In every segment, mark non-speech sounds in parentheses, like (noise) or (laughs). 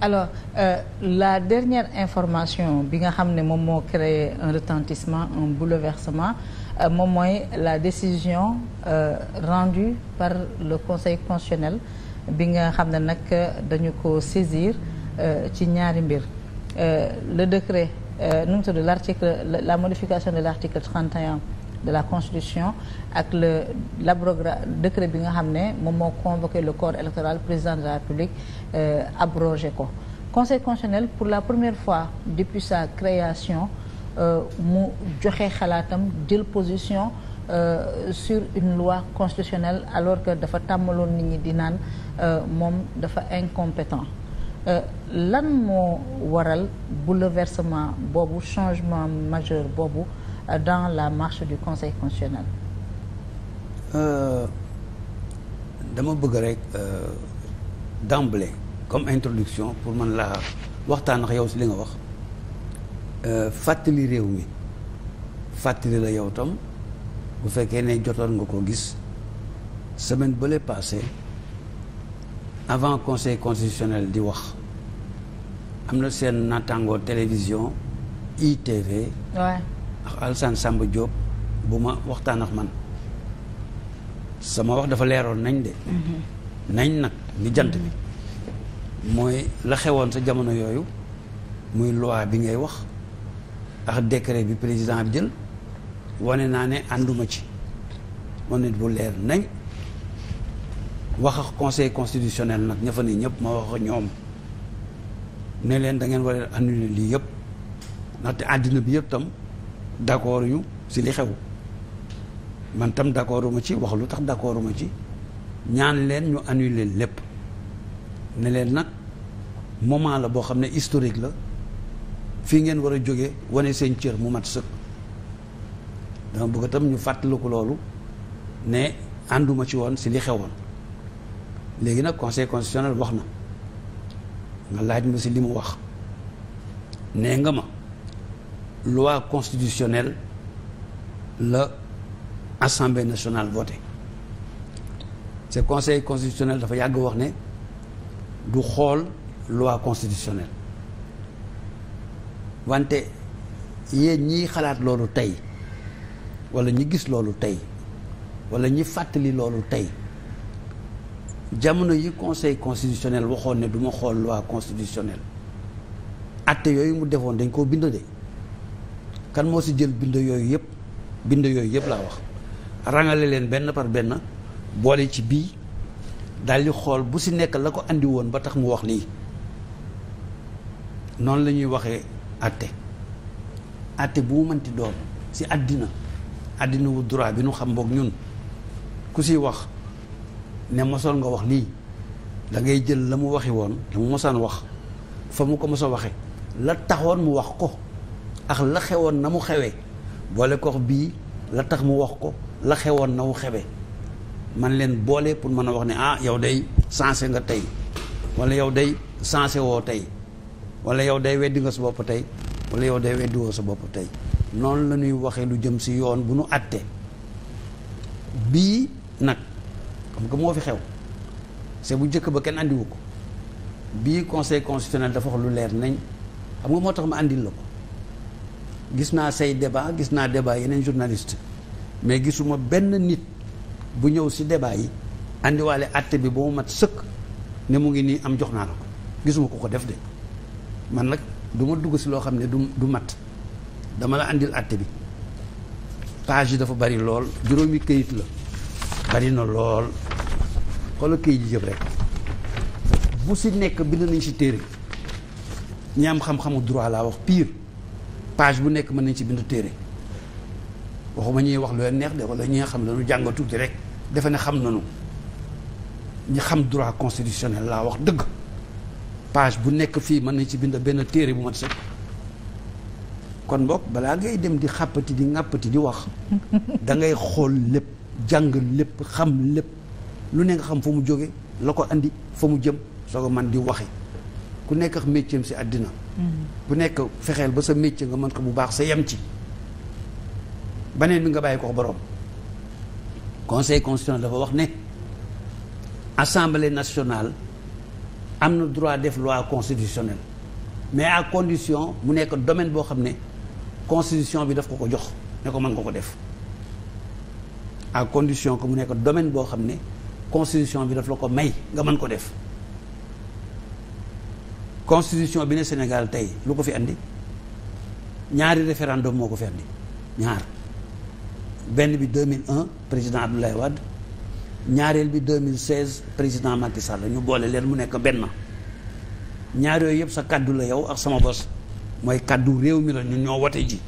alors euh, la dernière information bi nga xam ne moom moo créé un retentissement un bouleversement euh, moom mooy la décision euh, rendue par le conseil constitutionnel bi nga xam ne nag dañu ko saisir euh, ci ñaari mbir euh, le décret euh, nu mu tudd l'article la modification de l'article 31 de la constitution ak le l'abroga décret bi nga xam ne moom moo convoqué le corps électoral président de la république euh, abrogé ko conseil constitutionnel pour la première fois depuis sa création euh, mu joxe xalaatam jël position Euh, sur une loi constitutionnelle alors que dafa tàmmaloon nit ñi di naan euh, moom dafa incompétent lan moo waral bouleversement boobu changement majeur boobu dans la marche du conseil constitutionnel. Euh, dama bëgg rek euh, d'emblée comme introduction pour man laa waxtaan ak yow si li nga wax euh, fàttali réew mi fàttali la yow tam bu fekkee ne jotoon nga ko gis semaine bële passé avant conseil constitutionnel di wax am na seen naataangoo télévision ITV. Alsaan Samba Diop bu ma waxtaan ak man sama wax dafa leeroon nañ de mm-hmm. nañ nag ni jant bi mm-hmm. mooy la xewoon sa jamono yooyu muy loi bi ngay wax ak décret bi président bi jël wane naa ne ànduma ci man nit bu leer nañ wax ak conseil constitutionnel nag ña fa ne ñëpp ma wax ñoom ne leen da ngeen war lii yëpp ndaxte àddina bi yëpp tam d' accord ñu si li xew man tam d' accord ma ci wax lu tax d' accord ma ci ñaan leen ñu leen lépp ne leen nag moment la boo xam ne historique la fii ngeen war a jóge wane seen cër mu mat sëkk dama bëgg tam ñu fàttaliku loolu ne ànduma ci woon si li xewoon léegi nag conseil constitutionnel wax na nga laaj ma si li mu wax nee nga ma. loi constitutionnelle la assemblée national voté ce conseil constitutionnel dafa yàgg wax ne du xool loi constitutionnelle wante yéen ñiy xalaat loolu tey wala ñi gis loolu tey wala ñi fàttali loolu tey jamono yi conseil constitutionnel waxoon ne du ma xool loi constitutionnelle atte yooyu mu defoon dañ koo bind de kan moo si jël bind yooyu yëpp bind yooyu yëpp laa wax ranale leen benn par benn boole ci bii daal di xool bu si nekk la ko indi woon ba tax mu wax lii noonu la ñuy waxee àtte àtte bu mu mënti doon si àddina àddina wu duraa bi nu xam boog ñun ku si wax ne mosoon nga wax lii dangay jël la mu waxi woon la mu wax fa mu ko mos a waxe la taxoon mu wax ko ak la xewoon na mu xewee boole ko bii la tax mu wax ko la xewoon na mu xewee man leen boole pour mën a wax ne ah yow day sensé nga tey wala yow day sensé woo tey wala yow day weddi nga sa bopp tey wala yow day weddi woo sa bopp tey noonu la ñuy waxee lu jëm si yoon bu nu àtte bii nag xam nga moo fi xew c'est bu njëkk ba kenn andiwu ko bii conseil constitutionnel dafa wax lu leer nañ xam nga moo tax ma andil la ko gis naa say débat gis naa débat yeneen journaliste mais gisuma benn nit bu ñëw si débat yi andiwaale àtte bi boo mu mat sëkk ne mu ngi nii am jox naa la ko gisuma ko ko def de man nag du ma dugg si loo xam ne du du mat dama la andil àtte bi page dafa bari lool juróomi këyit la bari na lool xoola këyit yi yëpp rek bu si nekk bind nañ si téere ñi am xam-xamu droit laa wax piir page bu nekk mën nañ ci bind téere waxuma ñuy wax lu neex de wala ñi xam ne dañu jàng tuuti rek defe ne xam nañu ñu xam droit constitutionnel laa wax dëgg page bu nekk fii mën nañ ci bind benn téere bu mat sëkk kon boog balaa ngay dem di xàppati di ŋàppati di wax (laughs) dangay xool lépp jàng lépp xam lépp lu ne nga xam fa mu jóge la ko indi fa mu jëm soo ko man di waxe ku nekk ak métier si àddina mm-hmm. ku nekk fexeel ba sa métier nga mën ko bu baax sa yem ci baneen bi nga bàyyi ko borom conseil constitutionnel dafa wax ne assemblée nationale am na droit def loi constitutionnelle mais à condition mu nekk domaine boo xam ne constitution bi daf ko ko jox ne ko mën nga ko def à condition que mu nekk domaine boo xam ne constitution bi daf la ko may nga mën ko def constitution bi ne Sénégal tey lu ko fi andi ñaari référendum moo ko fi andi ñaar benn bi 2001 président Abdoulaye Wade ñaareel bi 2016 président Macky Sall ñu boole leen mu nekk benn ñaar yooyu yëpp sa kàddu la yow ak sama bos mooy kàddu réew mi la ñun ñoo wote ji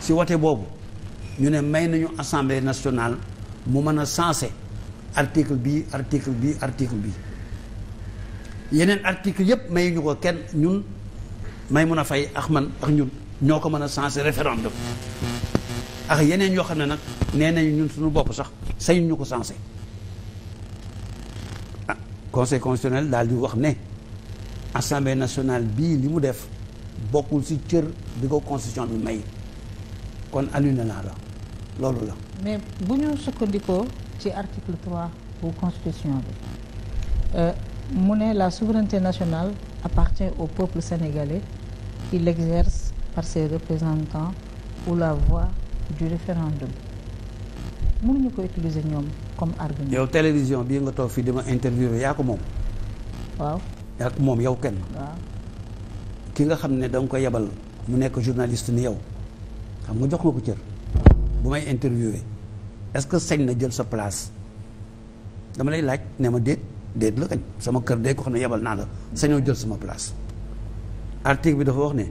si wote boobu ñu ne may nañu assemblée nationale mu mën a sensé article bi article bi article bi yeneen article yëpp may ñu ko kenn ñun may mun a fay ak man ak ñun ñoo ko mën a sensé référendum ak yeneen yoo xam ne nag nee nañu ñun suñu bopp sax sañu ñu ko sensé ah conseil constitutionnel daal di wax ne assemblée nationale bii li mu def bokkul si cër bi ko constitution bi may kon annulé naa la loolu la. mais bu ñu sukkandikoo ci article 3 bu constitution bi. Euh, mu ne la souveraineté nationale appartient au peuple sénégalais qui l'exerce par ses représentants ou la voie du référendum mënuñu ko utiliser ñoom comme argument. yow télévision bii nga toog fii dama interviewé yaa ko moom. waaw yaa ko moom yow kenn. waaw ki nga xam ne da nga ko yebal mu nekk journaliste ni yow xam nga jox nga ko cër bu may interviewé est-ce que sañ na jël sa place dama lay laaj ne ma déet. déet la kañ sama kër day ko xam ne yebal naa la sañoo jël sama place article bi dafa wax ne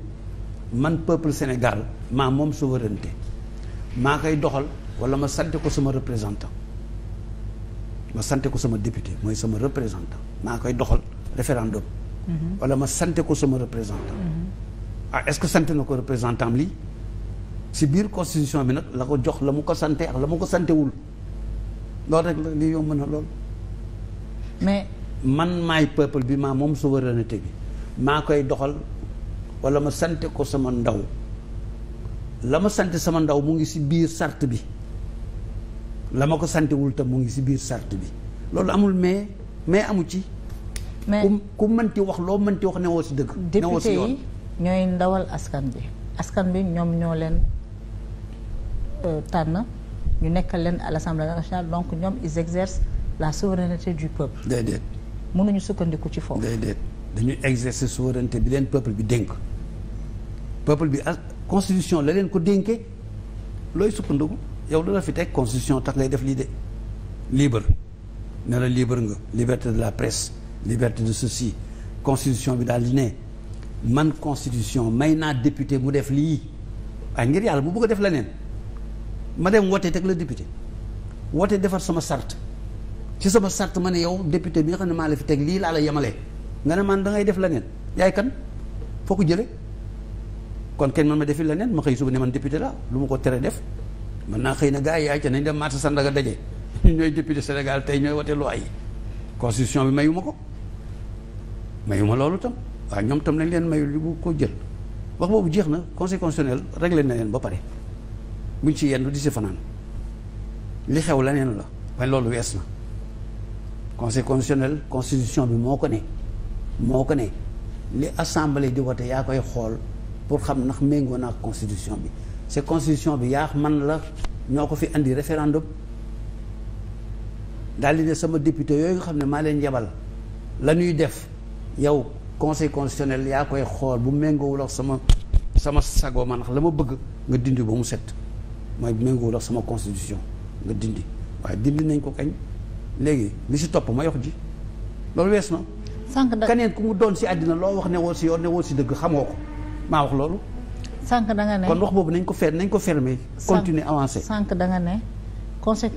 man peuple Sénégal maa moom souveraineté maa koy doxal wala ma sante ko sama représentant sama député mooy sama représentant maa koy doxal référendum mhm. wala ma sante ko sama représentant mhm. ah est que sante na ko représentant am si biir constitution bi nag la ko jox la mu ko sante ak la mu ko santewul loolu rek la lii yomb na lool mais man may peuple bi maa moom souveraineté bi maa koy doxal wala ma sant ko sama ndaw la ma sant sama ndaw mu ngi si biir sart bi la ma ko santewul tam mu ngi si biir sart bi loolu amul mais mais amu ci. mais ku ku mënti wax loo mënti wax newoo ci dëgg. newoo ci yoon yi ñooy ndawal askan bi askan bi ñoom ñoo leen euh, tànn ñu nekkal leen à l'Assemblée nationale donc ñoom ils exercent. la souveraineté du peuple. déedéet. mënuñu sukkandiku ci foofu. déedéet dañuy exercer souveraineté bi leen peuple bi dénk. peuple bi ah, constitution la leen ko dénkee looy sukkandiku yow lu la fi teg constitution tax ngay def lii de libre ne libre nga liberté de la presse liberté de ceci constitution bi daal di man constitution may naa député mu def lii ay ngir yàlla bu bëgg a def leneen ma dem wootee teg la député wootee defar sama sart ci sama sart ma ne yow député bi nga xam ne maa la fi teg lii laa la yemalee nga ne man dangay def la leneen yaay kan foo ko jële kon kenn man ma defi leneen ma xëy suba ne man député la lu ma ko tere def man naa xëy na gars yi yaay ca nañ dem marché Sandaga daje (laughs) ñu ñooy député Sénégal tey ñooy wote loi yi constitution bi mayu ma ko mayu loolu tam waaw ñoom tam lañ leen mayul li bu ko jël wax boobu jeex na conseil constitutionnel réglé na leen ba pare buñ ci yendu di si fanaan li xew leneen la waaye loolu wees na conseil constitutionnel constitution bi moo ko ne moo ko ne li assemblée di wote yaa koy xool pour xam ndax méngoo naa constitution bi c'est constitution bi yaa man la ñoo ko fi indi référendum daal di ne sama député yooyu nga xam ne maa leen yebal la ñuy def yow conseil constitutionnel yaa koy xool bu méngoo ak sama sama ma man la ma bëgg nga dindi ba mu set mooy méngoowul ak sama constitution nga dindi waaye dindi nañ ko kañ léegi li si topp ma yox ji loolu wees na. sànq da keneen ku mu doon si àddina loo wax ne woo si yoon ne woo si dëgg xamoo ko maa wax loolu. sànq da nga ne kon wax boobu nañ ko fer nañ ko fermer. continuer avancer sànq da nga ne conseil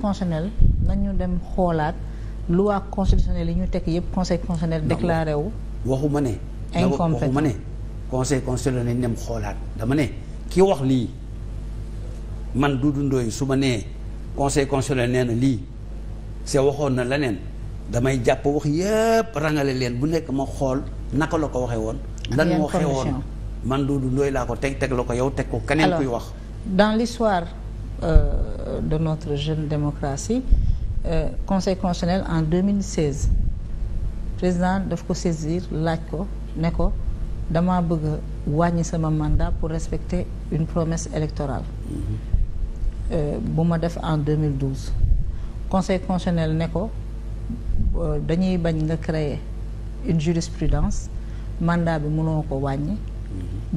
nañu dem xoolaat lu loi constitutionnelle yi ñu tekk yëpp conseil constitutionnel déclaré wu. waxuma ne. incompétent waxuma ne conseil constitutionnel nañ dem xoolaat dama ne ki wax lii man Doudou Ndoye su ma nee conseil constitutionnel nee na lii. c'est waxoon na leneen damay jàpp wax yépp rangale leen bu nekk ma xool naka la ko waxee woon lan waxee woon man Doudou looy laa ko teg teg la ko yow teg ko keneen kuy wax dans l'histoire euh, de notre jeune démocratie euh, conseil constitutionnel en 2016 président daf ko saisir laaj ko ne ko dama bëgg wàññi sama mandat pour respecter une promesse électorale mm-hmm. euh, bu ma def en 2012 conseil constitutionnel ne ko euh, dañuy bañ nga créer une jurisprudence mandat bi mënoo ko wàññi mhm.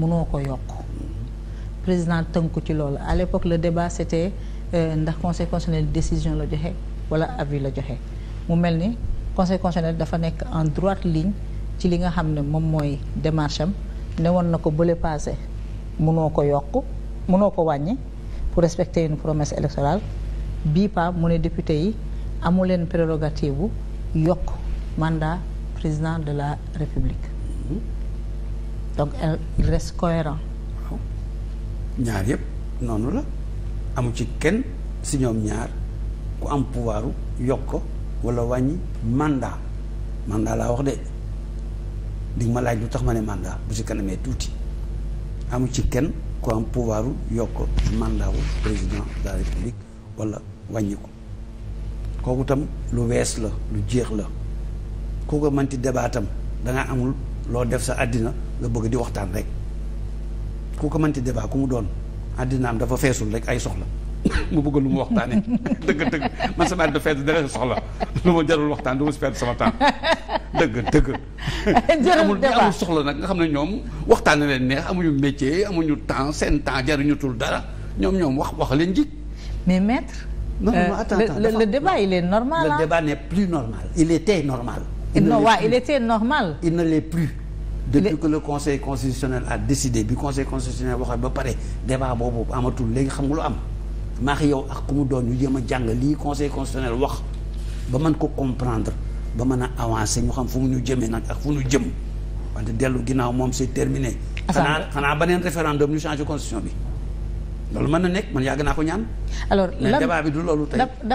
mënoo ko yokk mhm. président ko ci loolu à l'époque le débat c'était euh, ndax conseil constitutionnel décision la joxe wala avis la joxe mu mel ni conseil constitutionnel dafa nekk en droite ligne ci li nga xam ne moom mooy démarche am ne woon na ko bële passé mënoo ko yokk mënoo ko wàññi pour respecter une promesse électorale bii paa mu ne député yi amu leen prérogative bu yokk mandat président de la république mm-hmm. donc il reste cohérent ñaar yëpp noonu la amu ci kenn si ñoom ñaar ku am pouvoiru yokk walla wala wàññi mandat mandat laa wax de di ma laaj lu tax ma ne mandat bu si kanamee tuuti amu ci kenn ku am pouvoiru yokk mandat wu président de la république wala wàññiku kooku tam lu wees la lu jeex la ku ko debaa tam danga amul loo def sa àddina nga bëgg di waxtaan rek ku ko mënti débat ku mu doon àddina àddinaam dafa feesul rek ay soxla (coughs) mu bëgg lu mu waxtaanee (coughs) dëgg dëgg man sama àddina fees soxla lu ma jarul waxtaan du ma si temps (coughs) dëgg dëgg. amul amul soxla nag nga xam ne ñoom waxtaan leen neex amuñu métier amuñu temps seen temps jaruñutul dara ñoom ñoom wax wax leen jik mais maitre non euh, non attends, euh, le, attends, il est normal le hein? débat n'est plus normal il normal. il non normal. il ne l'est plus. depuis le... que le conseil constitutionnel a décidé bi conseil constitutionnel waxee ba pare débat boobu amatul léegi xam nga lu am maax yow ak ku mu doon ñu jéem a jàng lii conseil constitutionnel wax ba man ko comprendre ba mën a avancer ñu xam fu mu ñu jëmee nag ak fu ñu jëm wante dellu ginnaaw moom c'est terminé. xanaa xanaa beneen référendum ñu changer constitution bi. loolu mën na nekk man yàgg naa ko ñaan. alors lan mais débat bi du loolu tey.